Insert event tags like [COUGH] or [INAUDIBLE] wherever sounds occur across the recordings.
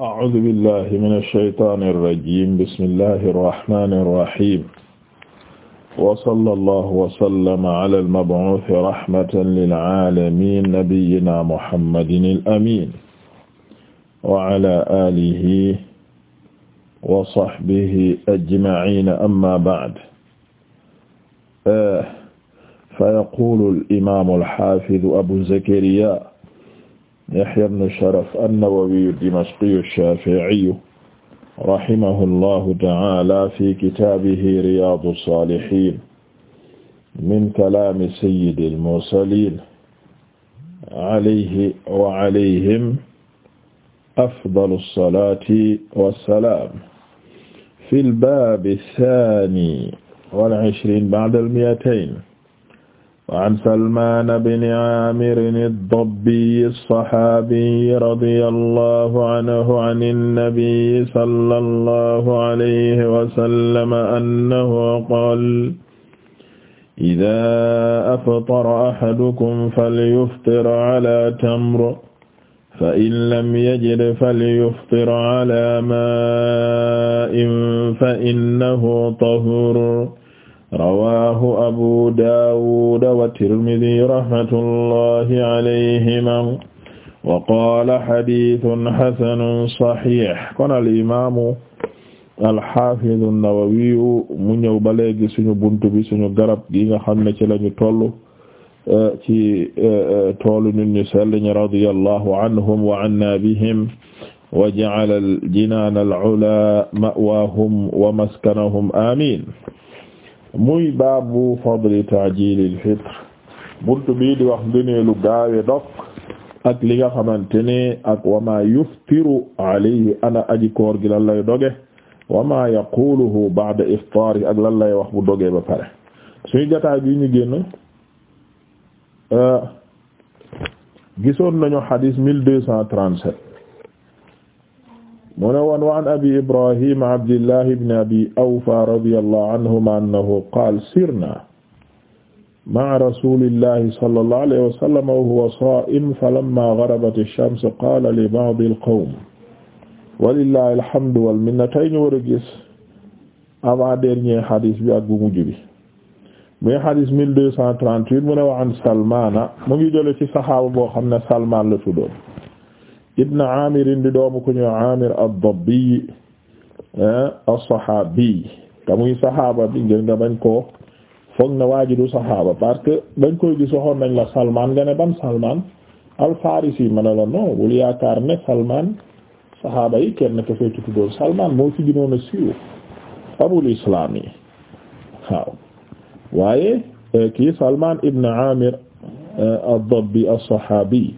أعوذ بالله من الشيطان الرجيم بسم الله الرحمن الرحيم وصلى الله وسلم على المبعوث رحمة للعالمين نبينا محمد الأمين وعلى آله وصحبه أجمعين أما بعد فيقول الإمام الحافظ أبو زكريا Yahya ibn Sharaf an-Nawawi ad-Dimashqi ash-Shafi'i rahimahullahu ta'ala fi kitaabihi Riyaadu s-Saalihiin min kalaami sayyidil mursaliin alayhi wa alayhim afdalu s-salaati wa s-salaam fil baabi s-saani wal ishriin ba'da l-mi'atayn waan salman bni aamirin ad-dabbi as-saxaabiyi radiyallahu anhu an an-nabiyyi sallallahu alayhi wa sallam annahu qaala idaa aftara ahadukum falyuftir calaa tamrin fa-in lam yajid falyuftir calaa maa'in fa-innahu tahuur rawaahu abu daawud wa tirmidi rahmatullahi alayhima wa qaala xadiisun xasanun saxiix kon al imaamu alxaafidu nawawiyu mu ñëw ba léegi suñu bunt bi suñu garab gi nga xam ne ci lañu toll ci toolu nit ñu sell ñi radiyallahu anhum wa anna bihim wa ja'ala al jinaana al ulaa ma'waahum wa maskanahum amiin muy baabu fadli taajilil fitr buntu bii di wax ngëneelu gaawe dog ak li nga xamante ne ak wama yuftiru alayhi ana aji koor gi lan lay doge wama yaquluhu ba'da iftaari ak lan lay wax bu dogee ba pare suñu jotaay bi ñu génn euh, gisoon nañu xadis mille deux mu ne woon wa an abi ibrahim abdillah ibn abi awfa radiyallahu anhuma annahu qaala sirna ma'a rasulillahi sallallahu alayhi wa sallam wa huwa saa'im falamma gharabat ash-shams qaala li ba'd al-qawm walillahi alhamdu wal minna tey ñu war a gis avant dernier hadis bi ak bu mujj bi muy hadis 1238 mu ne wa an salmaana mu ngi jële ci saxaaba boo xam ne salmaan la tuddoon ibn Amir di doomu ku ñu Amir ad-Dabbi eh, as-sahabi te muy bi ngeen nga bañ koo foog ne waa ji du saxaaba parce que bañ koy gis waxoon la Salman nga ne ban Salman al-Farisi ma la non bul yaakaar ne Salman saxaaba yi kenn ka fee ci tuddoon Salman moo ci gënoon a siiw abul islam yi waaye eh, kii Salman ibn Amir eh, ad-Dabbi as-sahabi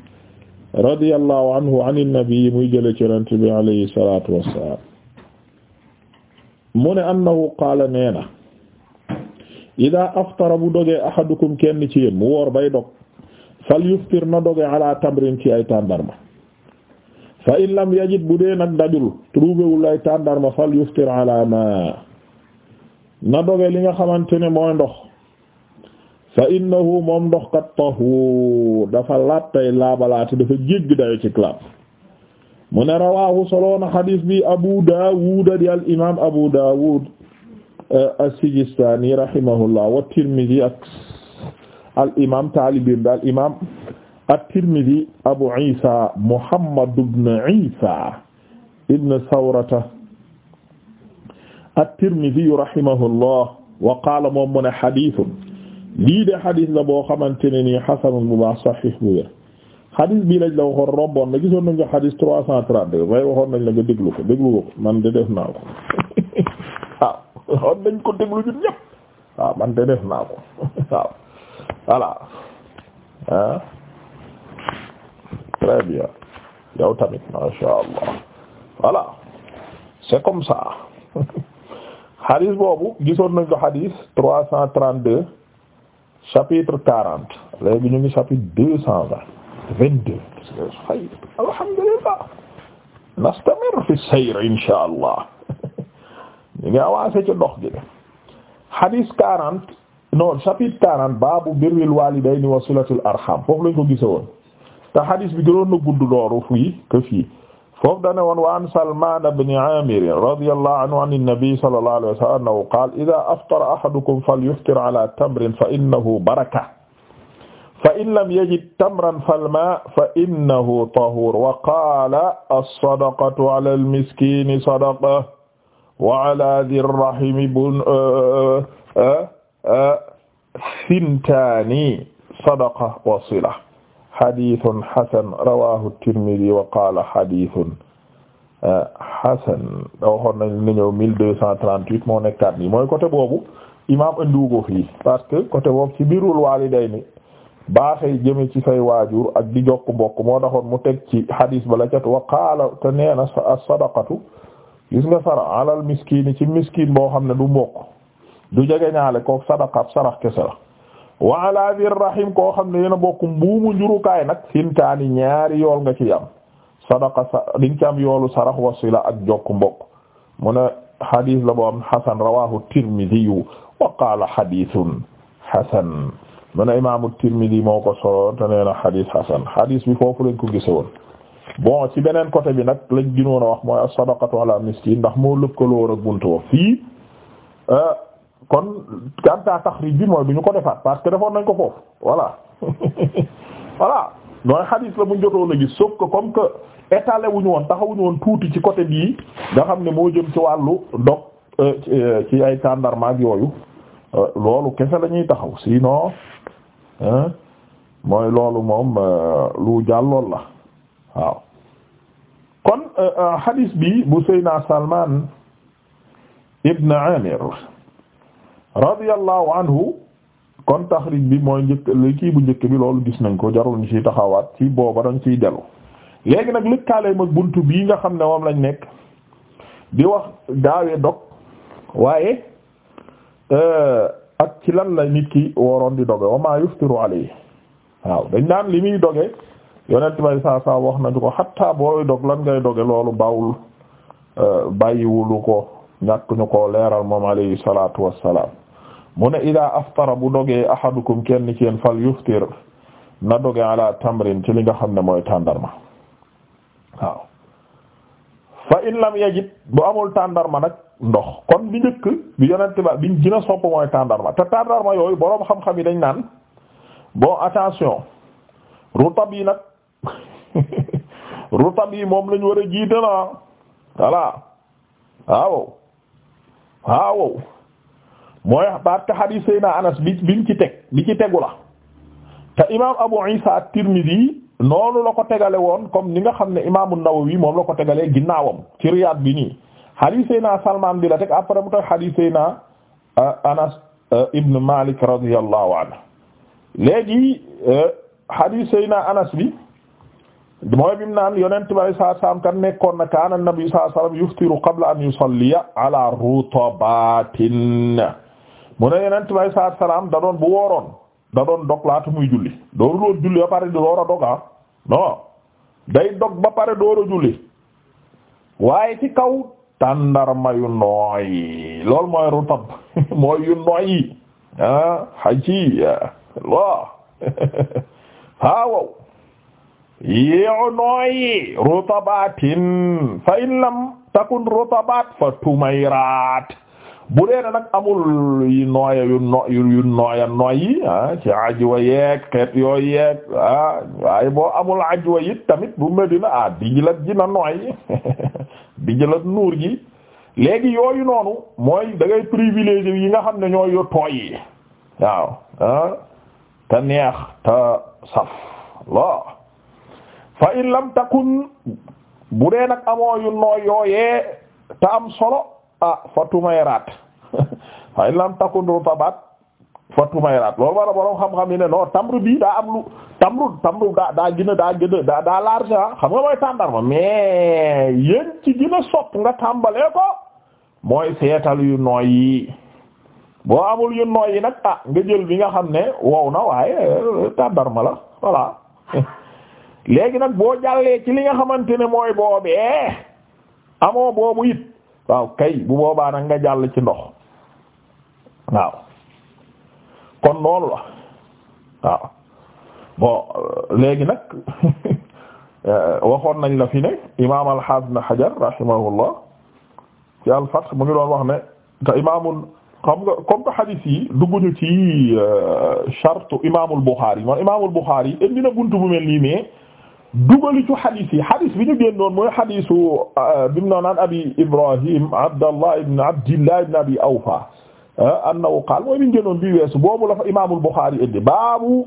radiyallahu anhu an innabii muy jële ci yonent bi alayhi salatu wassalam mu ne bu dogee ahadukum kenn ci yéen mu woor bay dog fal yuftir na doge tamrin ci ay tàndarma fa in lam yajid bu dajul trouvéwul ay tàndarma fal yuftir ala ma na li nga xamante ne ndox fa innahu moom ndox kat tahuur dafa lattay laabalaate dafa jégg dayo ci clab mu ne rawahu soloona xadis bi Abu Dawud di al imam Abu Dawud eh, as-Sijistani rahimahullah wa Tirmidhi ak al imam taalibin bi al imam at-Tirmidhi Abu Isa Muhammad ibn Isa ibn Sawrata at-Tirmidhi rahimahullah wa qaala moom mu ne xadiisun lii de xadis la boo xamante ne nii xasanun bu baax saxiix bu wér xadis bii lañ la waxoon romboon na gisoon nañ ko xadis trois cent trente-deux waaye waxoon nañ la nga déglu ko déglu ko man de def naa ko [LAUGHS] waaw waxoon nañ ko [LAUGHS] ah. bien yow tamit masha Allah voilà c'est comme ça [LAUGHS] xadis boobu gisoon nañ ko xadis trois cent trente-deux chapitre quarante léegi ñu ngi chapitre deux cent vingt vingt deux alhamdulillah nastamir fi sayr insha allah [LAUGHS] ñu ngi avancé ci dox gi hadith quarante non chapitre quarante baabu birril walidayni wa silatul arham foofu lañ ko gise woon te hadith bi gënoon na gudd dooru fii que fii foofu dane woon wa an salman bni amir radiyallahu anhu an annabi sallallahu alayhi wa sallam annahu qaala idaa aftara ahadukum falyuftir ala tamrin fa innahu baraka fa in lam yajid tamran falma fa innahu tahur wa qaala as-sadaqatu ala al-miskini sadaqa wa ala dhi rahimi bun eh, eh, eh, sintaani sadaqa wa sila xadiisun xasan rawaahu tirmidi wa qaala xadiisun xasan uh, da waxoon na ni ñëw mille deux cent trente-huit moo nekkaat nii mooy côté boobu imaam andiwu fii parce que côté boobu ci birul waalidayni baaxee jëme ci say waajur ak di jokk mbokk moo taxoon mu teg ci xadiis bala cat wa qaala te nee na as-sadaqatu gis nga sara alal miskiini ci miskiin boo xam ne du mbokk du jege ñaale kook sadaqa ab sarax kese la wa ala ko rahim koo xam ne yéena bokk mbuumu njurukaay nag sintaani ñaari yool nga ci am sadaqa sa diñ ci am yoolu sarax ak jokk mbokk mu ne hadith la boo am hasan rawahu tirmidhi wa qala hadithun hasan mu ne imaamu tirmidhi moo ko solo te nee na hadith hasan hadith bi foofu lañ ko gise woon bon ci beneen côté bi nag lañ gënoon a wax mooy as-sadaqatu ala miskin ndax moo lëkkaloo ak buntu fii ah, kon kanta taxrij bi mooy bu ñu ko defaat parce que defoon nañ ko foofu voilà [LAUGHS] voilà nooy xadis la buñ jotoo la gis ko que comme que étalé wuñu woon taxawuñu woon tuuti ci côté bii nga xam ne moo jëm ci wàllu dog euh, euh, ci ay tàndarmaag yooyu euh, loolu kese la ñuy taxaw sinon mooy loolu moom lu jàlloon la waaw kon xadis bi bu Seyna Salman ibn Amir radiyallahu anhu kon tax taxrij bi mooy njëkk kii bu njëkk bi loolu gis nañ ko jarul ñu ciy taxawaat ci booba dañ ciy dellu léegi nag lëkkaaleem ak bunt bii nga xam ne moom lañ nekk di wax gaawee dog waaye euh, ak ci lan la nit ki waroon di doge wa waaw dañ daan li muy doge yonent bay saa saa wax nañu ko xatta booy dog lan ngay doge loolu bawul euh, bàyyiwulu ko ñàkk ko leeral moom alayhi salaatu wassalaam mu ne ida aftara bu dogee ahadukum kenn ci yéen fal yuftir na doge ala tamrin ci li nga xam ne mooy tàndarma waaw fa in lam yajid bu amul tàndarma nag ndox kon bi njëkk bi yonente ba biñ gën a sopp mooy tàndarma te tàndarma yooyu boroom xam-xam yi dañ naan bon attention rutab yi nag [LAUGHS] rutab yi moom lañ war a jiite na ah. voilà mooy parce que hadith Seydina Anas bi bi ci teg te imaam Abu Isa at-Tirmidhi noonu la ko tegale woon comme ni nga xam ne imaam an-Nawawi moom la ko tegalee ginnaawam ci Riyad bi nii hadith Seydina Salman bi la teg après mu teg hadith Seydina euh, Anas euh, ibn Malik radiyallahu anhu léegi euh, hadith Seydina Anas bi mooy bi mu naan yonent bi kan nekkoon na kaana nabi saa saam yuftiru qabla an yusalliya ala rutabatin mu ne yeneen tibay saa salaam da doon bu wooroon da doon dog laata julli doon loolu julli ba pare di door a doga ah. non day dog ba pare door a julli waaye ci kaw tàndarma yu nooy loolu mooy rutab [LAUGHS] mooy yu nooy yi ah xaji lo waaw [LAUGHS] yeewu nooy rutabatin fa in takun rutabat fa tumayrat bu dee nag amul yu nooya yu nooya noyyi ah, ci ajwa yeeg xeet yooyu yeeg ah waaye boo amul ajwa tamit bu Medina ah dijlat ji na nooy [LAUGHS] dijlat nuur gi léegi yooyu noonu mooy da ngay privilégié yi nga xam ne ñooy yu tooy yi waaw ah te neex te saf lo fa in lam takun bu amoo yu nooy yooyee te am solo ah fa tumayraat [LAUGHS] fa in lam takun rutabat fa tumayraat loolu war a borom xam-xam yi ne non tamru bii daa am lu tamru tamru daa daa gën daa gën daa daa large ah xam nga mooy tàndarma mais yéen ci gën a sopp nga tàmbalee ko mooy seetal yu nooy yi boo amul yu nooy yi nag ah nga jël bi nga xam ne wow na waaye euh, tàndarma la voilà [LAUGHS] léegi nag boo jàllee ci li nga xamante ne mooy boobee amoo boobu it. waaw kay bu boobaa nag nga jàll ci ndox waaw kon loolu la waaw bon euh, léegi nag [LAUGHS] euh, waxoon nañ la fi ne imaam al-Hafiz Ibn Hajar rahimahullah ci al-Fath mu ngi doon wax ne te imaamul xam nga comme que hadith yi dugguñu ci euh, shartu imaamul Bukhari moom imaamul Bukhari indi na buntu bu mel nii mais. dugali ci xadis yi xadis bi ñu mooy xadisu euh, bi mu naan abi Ibrahim Abdallah ibn Abi Awfa euh, annahu qaal mooy bi ñu génnoon bi weesu boobu la fa imaamul Buxaari indi baabu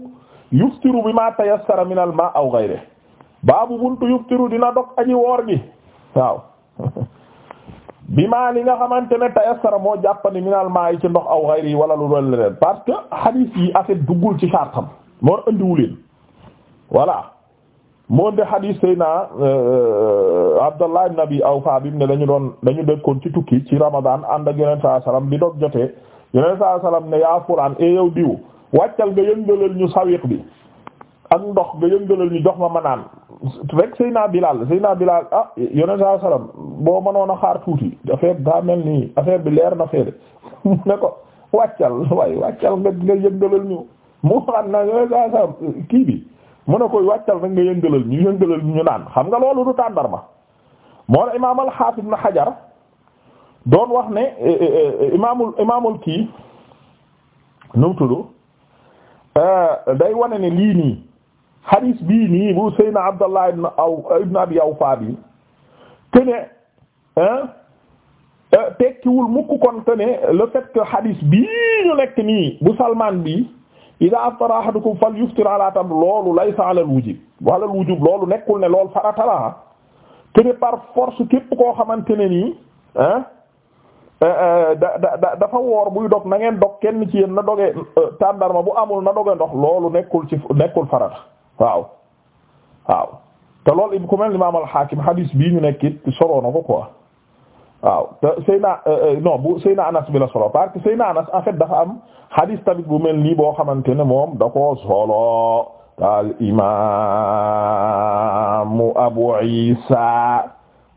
yuftiru bi ma tayassara min al ma aw ghayrihi baabu buntu yuftiru dina dog aji woor gi [LAUGHS] bi maa li nga xamante ne tayassara moo jàppandi min al ma yi ci ndox aw ghayrihi wala lu doon leneen parce que xadis yi affaire duggul ci sartam moo andiwuleen voilà. moo de hadis sayna euh, Abdallah ibn Abi Awfa bi mu ne dañu doon dañu dëkkoon ci tukki ci Ramadan ànd ak Yonent sallallahu alayhi wasallam bi doog jotee Yonent sallallahu alayhi wasallam ne yaa fulaan e yow diw wàccal nga yëngalal ñu sawiq bi ak ndox nga yëngalal ñu jox ma ma naan rek sayna Bilal sayna Bilal ah Yonent sallallahu alayhi wasallam boo mënoon a xaar tuuti affaire daa mel nii affaire bi leer na feede [LAUGHS] ne ko wàccal waaye wàccal nga yëngalal ñu mu xam na Yonent sallallahu alayhi wasallam kii bi. mu ne koy wàccal rek nga yëngalal ñu yëngalal ñu naan xam nga loolu du tàndarma moo la imaam al Ibn Hajar doon wax ne eh, eh, eh, imaamul imaamul kii nu mu day wane ne lii nii hadis bii nii bu Seydina Abdallah ibn Abi Awfa bi te ne tekkiwul mukk kon te ne le fait bii ñu nekk nii bu Salman bi ida aftara ahadukum fal yuftir ala tam loolu laysa ala al wujub wala al wujub loolu nekkul ne lool farata la te par force képp koo xamante ne nii ah da da dafa woor buy dog na ngeen dog kenn ci yéen na doge eh, tàndarma bu amul na doge ndox loolu nekkul ci nekkul farata waaw waaw te loolu ku mel imaam al Hakim hadis bii ñu nekk it na ko quoi. waaw te euh, euh, bu Seyna Anas bi solo parce que Seyna Anas en fait dafa am bu mel nii boo xamante ne moom da ko solo al imaamu Abu Isa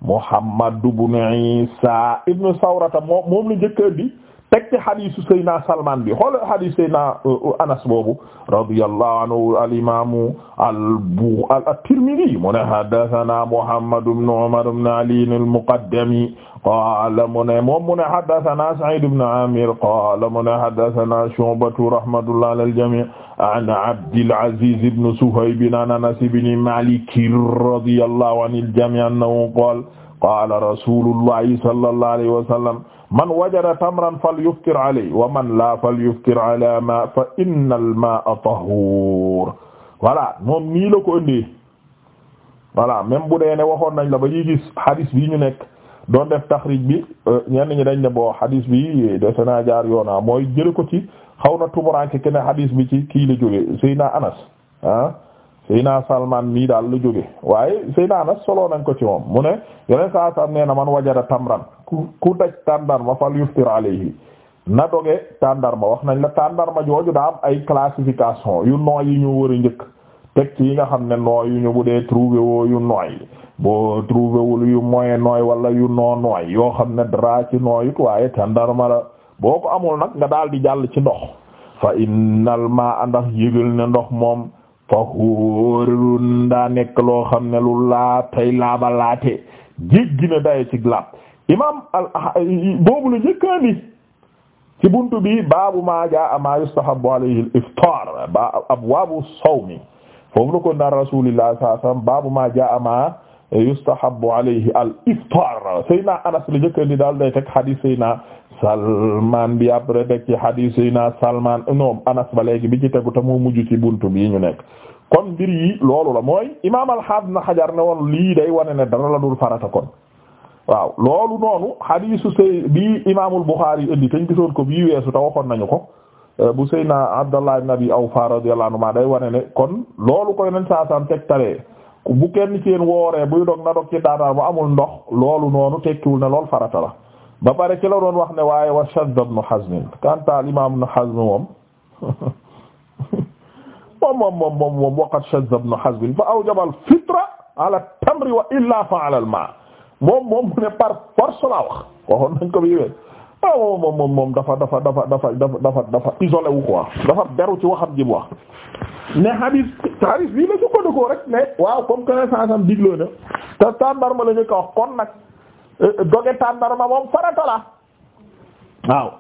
Muhammad ibn Isa ibn Sawrata moom moom la njëkk bi teg bi xool hadis Seyna euh, Anas boobu radiyallahu anhu al imaamu al-Tirmidhi Muhammad ibn Ali al-Muqaddami qaala mu ne moom mu ne haddathana Sa'id ibn Amir qaala mu ne haddathana Shu'batu rahmatullah ala al-jami' an Abdil Aziz ibn Suhayb an Anas ibn Malik radiyallahu anil jami' annahu qaala qaala rasulullahi sallallahu alayhi wa sallam man wajada tamran falyuftir alayhi wa man la falyuftir ala ma fa innal ma'a tahur voilà moom nii la ko indi voilà même bu dee ne waxoon nañ la ba ñuy gis hadis bii ñu nekk doon def taxrij bi euh, ñenn ñi dañ ne boo hadis bi dese naa jaar yoona mooy jële ko ci xaw na tumuranke ke ne hadis bi ci kii la jóge Seyna Anas ah Seyna Salman mii daal la jóge waaye Seyna Anas solo nañ ko ci moom mu ne yeneen saa sam nee na man wajada tamran ku ku daj tàndarma fal yuftir alayhi na doge tàndarma wax nañ la tàndarma jooju daa am ay classification yu nooy yi ñu war a njëkk teg yi nga xam ne nooyu ñu bu dee trouvé woo yu nooy boo trouvé wul yu moyen nooy wala yu noo nooy yoo xam ne dara ci nooyut waaye tàndarma la boo ko amul nag nga daal di jàll ci ndox fa innal maa andax yëgal ne ndox moom fahuurun daa nekk loo xam ne lu laa tay laaba laate jéggi na daye ci glaab imam al ah, boobu la njëkkaandi ci buntu bi baabu maa jaa a maa yustahabu alayhi al iftar ba abwaabu foofu la ko naan rasulillah sallallahu baabu ma jaa ma yustahabbu alayhi al iftar Seyna Anas la njëkk di daal day teg hadith Seyna Salman bi après teg ci hadith Seyna Salman Anas ba léegi bi ci tegu te mu mujj ci buntu bii ñu nekk. kon mbir yi loolu la mooy imaam al-Hafiz na Hajar ne woon lii day wane ne dara la dul farata kon waaw loolu noonu hadith Sey bii imaamul Bukhari indi te ñu gisoon ko bii weesu te waxoon nañu ko. Euh, bu Seydina Abdallah ibn Abi Awfa radiyallahu anhu day wane ne kon loolu koy nañ saa saam bu kenn ci yéen wooree dog na dog bu amul ndox loolu noonu tekkiwul ne loolu farata la ba pare ci la wax ne waaye wa Shadd ibn Hazm kanta al imam ibn Hazm [LAUGHS] moom moom moom moom moom moom waqat Shadd ibn Hazm fa awjaba al fitra ala tamri wa illa fa ala al ma moom moom par force wax waxoon nañ ko bi wéen ah moom moom moom dafa dafa dafa dafa dafa dafa isolé wu quoi dafa beru ci waxam ji bu wax ne hadis hadis bii la ñu ko dëggoo rek mais waaw comme que sens am digloo na te tàndarma la ñu ko wax kon nag euh, euh, doge tàndarma moom farata la waaw.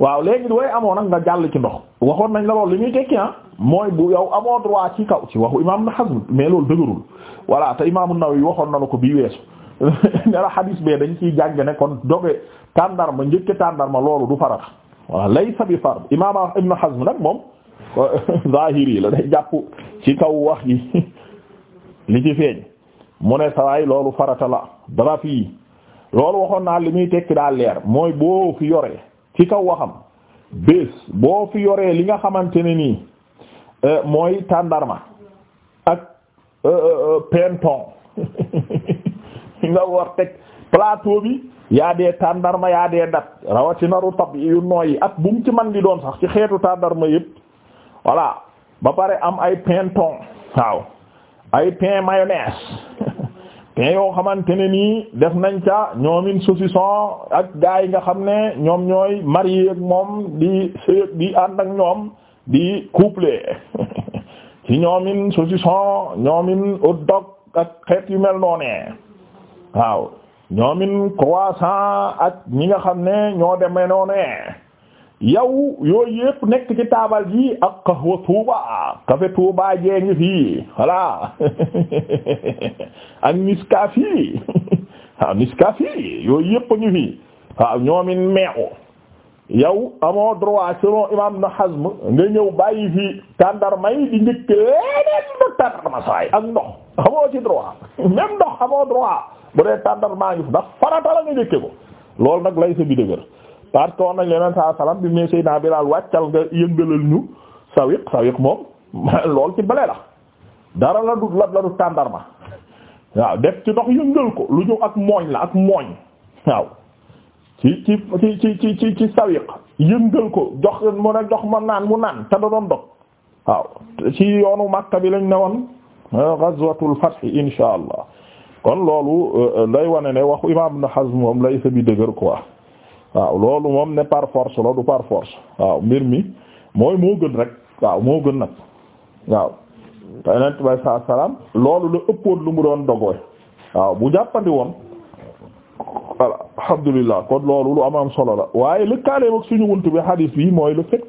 waaw léegi du way amoon nag nga jàll ci ndox waxoon nañ la loolu li muy tekki ah mooy bu yow amoo droit ci kaw ci waxu imaam na Hazm mais loolu dëgërul voilà te imaam naw nawawi waxoon na la ko bii weesu. [LAUGHS] ne la xadis bee dañ ciy jàng ne kon doge tàndarma njëkk tàndarma loolu du farata voilà laysa bi fard imaam Ibn Hazm nag moom [LAUGHS] zahiri la day jàpp ci kaw wax yi [LAUGHS] li ci feeñ mu ne sawaay loolu farata la dara fi loolu waxoon naa li muy tekki daa leer mooy boo fi yoree ci kaw waxam bés boo fi yoree li nga xamante ne nii eh, mooy tàndarma ak eh, eh, penton nga war teg plateau bi yaa dee tàndarma yaa dee dat rawatina rutab yu nooyi ak bu mu ci man di doon sax ci xeetu tàndarma yëpp voilà ba pare am ay pain thon waaw ay pain mayonnaise [LAUGHS] pain yoo xamante ne nii def nañ ca ñoomin saucisson ak gaa yi nga xam ne ñoom ñooy marié ak moom di di ak ñoom di couple [LAUGHS] ci ñoomin saucisson ñoomin hot dog ak xeet yu mel noonee waaw ñoomin croissant ak ñi nga xam ne ñoo demee noone yow yooyu yëpp nekk ci taabal ji ak kahwa Touba café Touba jee ngi fii voilà [LAUGHS] ak Nescafé [LAUGHS] waaw Nescafé yooyu yëpp ngi fii waaw ñoomin meew yow amoo droit selon imam na Hazm nga ñëw bàyyi fii tàndarmay di njëkk leneen na tàndarma saay ak ndox amoo ci droit [LAUGHS] même ndox amoo droit bu dee maa ngi fi ndax farata la nga ko loolu nag lay sa bi dëgër parce que wax nañ leneen saa salaam bi mais Seydina Bilaal wàccal nga yëngalal ñu sawiq sawiq moom [LAUGHS] lool ci bale la dara la du la du waaw def ci ndox yëngal ko lu ñu ak mooñ la ak mooñ waaw ci ci ci ci ci ci sawiq yëngal ko jox mu ne jox ma naan mu naan te da doon dog waaw ci yoonu Makka bi lañ ne woon ghazwatul fath insha allah kon loolu lay euh, wane ne waxu imaam Ibn Hazm moom lay sa bi dëgër quoi waaw loolu moom ne par force la du par force waaw mbir mi mooy moo gën rek waaw moo gën nag waaw te yonent bi saa salaam loolu la ëppoon lu mu doon dogooy waaw bu jàppandi woon alhamdulillah kon loolu lu am am solo la waaye lëkkaaleem ak suñu wunt bi hadis bi mooy le fait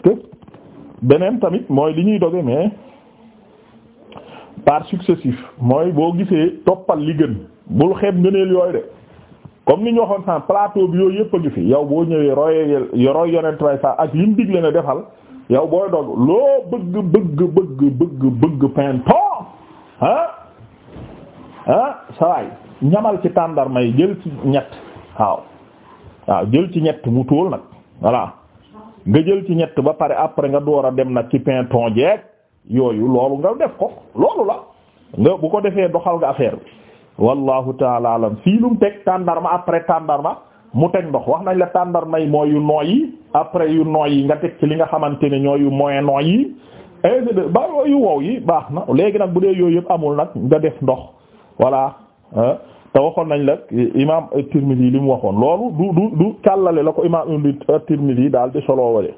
beneen tamit mooy li ñuy doge mais par successif mooy boo gisee toppal li gën bul xeeb ngëneel yooyu de comme ni ñu waxoon sànq plateau bi yooyu yëpp a ngi fi yow boo ñëwee roy roy yonent way sa ak li mu digle ne defal yow booy dog loo bëgg bëgg bëgg bëgg bëgg pinto ah ah sawaay ñamal ci tàndarma yi jël ci ñett waaw waaw jël ci ñett mu tóol nag voilà nga jël ci ñett ba pare après nga door a dem nag ci pinton jeeg yooyu loolu nga def ko loolu la nga bu ko defee doxal nga affaire bi wallahu taala fii lu mu teg tàndarma après tàndarma mu teg ndox wax nañ la tàndarma yi mooy yu nooy yi après yu nooy yi nga teg ci li nga xamante ne ñooy yu moyen nooy yi ainsi de ba yu wow yi baax na léegi nag bu dee yooyu yëpp amul nag nga def ndox voilà te waxoon nañ la imaam yi li mu waxoon loolu du du du càllale la ko imaam yi daal di solo wale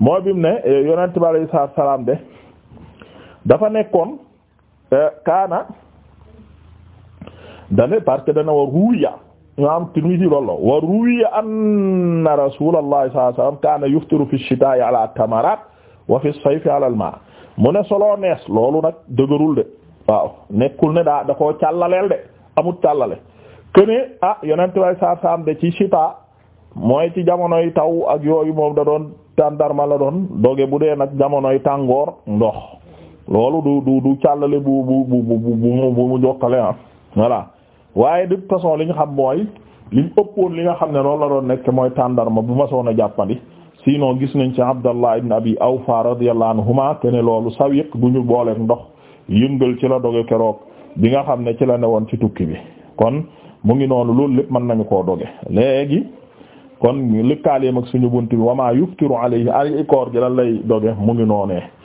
mooy bi mu ne eh, yonent bi alayhi salaam de dafa nekkoon euh, kaana dane parce que dana war ruya imam Tirmidhi loolu la wa ruwiya anna rasulullah sallallahu alayhi wasallam kaana yuftiru fi shitaa'i ala tamarat wa fi sayfi ala al-ma mu ne soloo nees loolu nag dëgërul de waaw nekkul ne daa da koo càllaleel de amut càllale kene ah yonent way saa saam de ci shita mooy ci jamonoy taw ak yooyu moom da doon tàndarma la doon doge bu dee nag jamonoy tàngoor ndox loolu du du du càllale bu bu bu bu bu bu mu jokkale ah voilà waaye de toute façon li ñu xam booy liñ ëppoon li nga xam ne loolu la doon nekk mooy tàndarma bu ma soon a jàppandi sinon gis nañ ci Abdallah ibn Abi Awfa radiyallahu anhuma te ne loolu sawiq bu ñu booleek ndox yëngal ci la doge keroog bi nga xam ne ci la woon ci tukki bi kon mu ngi noonu loolu lépp mën nañu koo doge léegi kon lëkkaaleem ak suñu bunt bi wamaa yuftiru alayhi ay koor gi lan lay doge mu noonee